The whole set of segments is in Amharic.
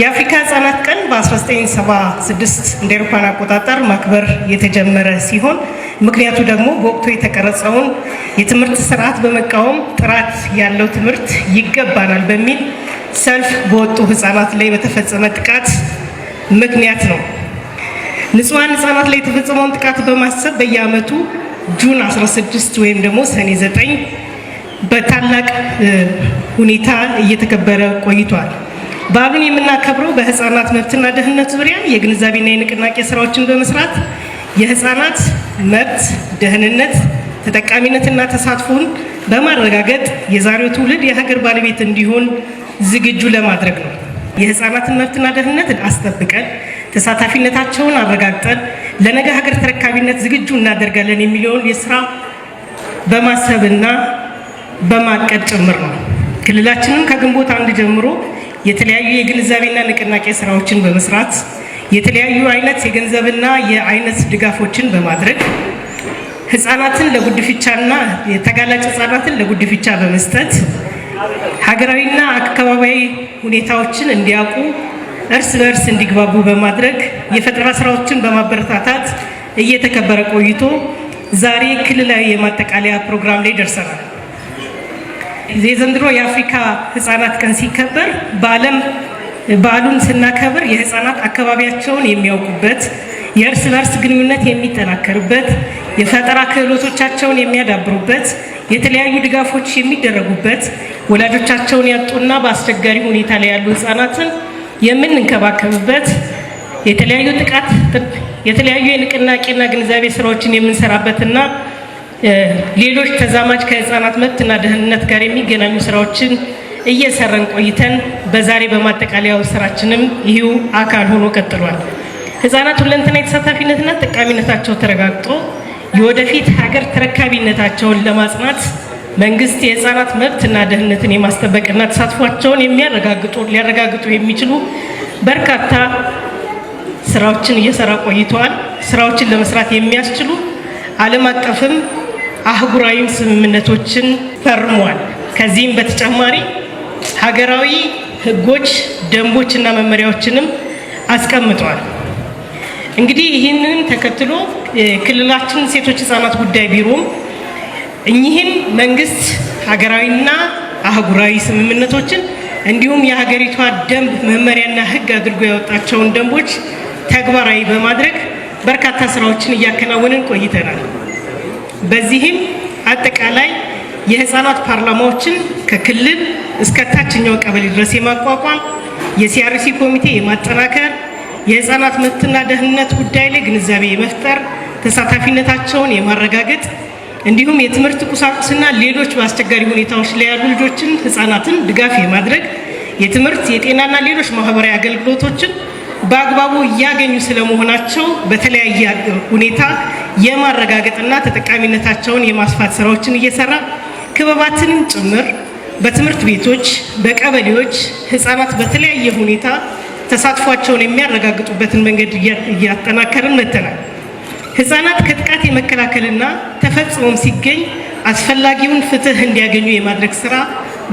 የአፍሪካ ህጻናት ቀን በ1976 እንደ አውሮፓውያን አቆጣጠር ማክበር የተጀመረ ሲሆን ምክንያቱ ደግሞ በወቅቱ የተቀረጸውን የትምህርት ስርዓት በመቃወም ጥራት ያለው ትምህርት ይገባናል በሚል ሰልፍ በወጡ ህጻናት ላይ በተፈጸመ ጥቃት ምክንያት ነው። ንጹሐን ህጻናት ላይ የተፈጸመውን ጥቃት በማሰብ በየአመቱ ጁን 16 ወይም ደግሞ ሰኔ 9 በታላቅ ሁኔታ እየተከበረ ቆይቷል። በዓሉን የምናከብረው በህፃናት መብትና ደህንነት ዙሪያ የግንዛቤና የንቅናቄ ስራዎችን በመስራት የህፃናት መብት ደህንነት ተጠቃሚነትና ተሳትፎን በማረጋገጥ የዛሬው ትውልድ የሀገር ባለቤት እንዲሆን ዝግጁ ለማድረግ ነው። የህፃናትን መብትና ደህንነት አስጠብቀን ተሳታፊነታቸውን አረጋግጠን ለነገ ሀገር ተረካቢነት ዝግጁ እናደርጋለን የሚለውን የስራ በማሰብና በማቀድ ጭምር ነው። ክልላችንም ከግንቦት አንድ ጀምሮ የተለያዩ የግንዛቤና ንቅናቄ ስራዎችን በመስራት የተለያዩ አይነት የገንዘብና የአይነት ድጋፎችን በማድረግ ህጻናትን ለጉድፍቻና የተጋላጭ ህጻናትን ለጉድፍቻ በመስጠት ሀገራዊና አካባቢያዊ ሁኔታዎችን እንዲያውቁ እርስ በእርስ እንዲግባቡ በማድረግ የፈጠራ ስራዎችን በማበረታታት እየተከበረ ቆይቶ ዛሬ ክልላዊ የማጠቃለያ ፕሮግራም ላይ ደርሰናል። የዘንድሮ የአፍሪካ ህጻናት ቀን ሲከበር በዓለም በዓሉን ስናከብር የህፃናት አካባቢያቸውን የሚያውቁበት የእርስ በርስ ግንኙነት የሚጠናከርበት የፈጠራ ክህሎቶቻቸውን የሚያዳብሩበት የተለያዩ ድጋፎች የሚደረጉበት ወላጆቻቸውን ያጡና በአስቸጋሪ ሁኔታ ላይ ያሉ ህፃናትን የምንንከባከብበት የተለያዩ ጥቃት የተለያዩ የንቅናቄና ግንዛቤ ስራዎችን የምንሰራበትና ሌሎች ተዛማጅ ከህፃናት መብትና ደህንነት ጋር የሚገናኙ ስራዎችን እየሰራን ቆይተን በዛሬ በማጠቃለያው ስራችንም ይህው አካል ሆኖ ቀጥሏል። ህፃናት ሁለንተናዊ ተሳታፊነትና ጠቃሚነታቸው ተረጋግጦ የወደፊት ሀገር ተረካቢነታቸውን ለማጽናት መንግስት የህፃናት መብትና ደህንነትን የማስጠበቅና ተሳትፏቸውን የሚያረጋግጡ ሊያረጋግጡ የሚችሉ በርካታ ስራዎችን እየሰራ ቆይተዋል። ስራዎችን ለመስራት የሚያስችሉ ዓለም አቀፍም አህጉራዊ ስምምነቶችን ፈርሟል። ከዚህም በተጨማሪ ሀገራዊ ህጎች፣ ደንቦችና መመሪያዎችንም አስቀምጧል። እንግዲህ ይህንን ተከትሎ ክልላችን ሴቶች ህጻናት ጉዳይ ቢሮም እኚህን መንግስት ሀገራዊና አህጉራዊ ስምምነቶችን እንዲሁም የሀገሪቷ ደንብ መመሪያና ህግ አድርጎ ያወጣቸውን ደንቦች ተግባራዊ በማድረግ በርካታ ስራዎችን እያከናወንን ቆይተናል። በዚህም አጠቃላይ የህፃናት ፓርላማዎችን ከክልል እስከ ታችኛው ቀበሌ ድረስ የማቋቋም የሲአርሲ ኮሚቴ የማጠናከር የህፃናት መብትና ደህንነት ጉዳይ ላይ ግንዛቤ የመፍጠር ተሳታፊነታቸውን የማረጋገጥ እንዲሁም የትምህርት ቁሳቁስና ሌሎች በአስቸጋሪ ሁኔታዎች ላይ ያሉ ልጆችን ህፃናትን ድጋፍ የማድረግ የትምህርት የጤናና ሌሎች ማህበራዊ አገልግሎቶችን በአግባቡ እያገኙ ስለመሆናቸው በተለያየ ሁኔታ የማረጋገጥና ተጠቃሚነታቸውን የማስፋት ስራዎችን እየሰራ ክበባትንም ጭምር በትምህርት ቤቶች፣ በቀበሌዎች ህፃናት በተለያየ ሁኔታ ተሳትፏቸውን የሚያረጋግጡበትን መንገድ እያጠናከርን መጥተናል። ህፃናት ከጥቃት የመከላከልና ተፈጽሞም ሲገኝ አስፈላጊውን ፍትህ እንዲያገኙ የማድረግ ስራ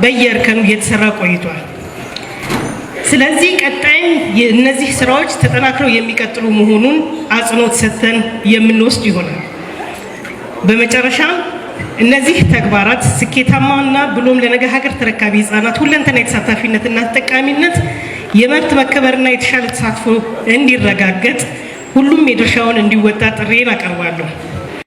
በየእርከኑ እየተሰራ ቆይቷል። ስለዚህ ቀጣይም እነዚህ ስራዎች ተጠናክረው የሚቀጥሉ መሆኑን አጽንኦት ሰጥተን የምንወስድ ይሆናል። በመጨረሻም እነዚህ ተግባራት ስኬታማና ብሎም ለነገ ሀገር ተረካቢ ህጻናት ሁለንተና የተሳታፊነትና ተጠቃሚነት የመብት መከበርና የተሻለ ተሳትፎ እንዲረጋገጥ ሁሉም የድርሻውን እንዲወጣ ጥሬን አቀርባለሁ።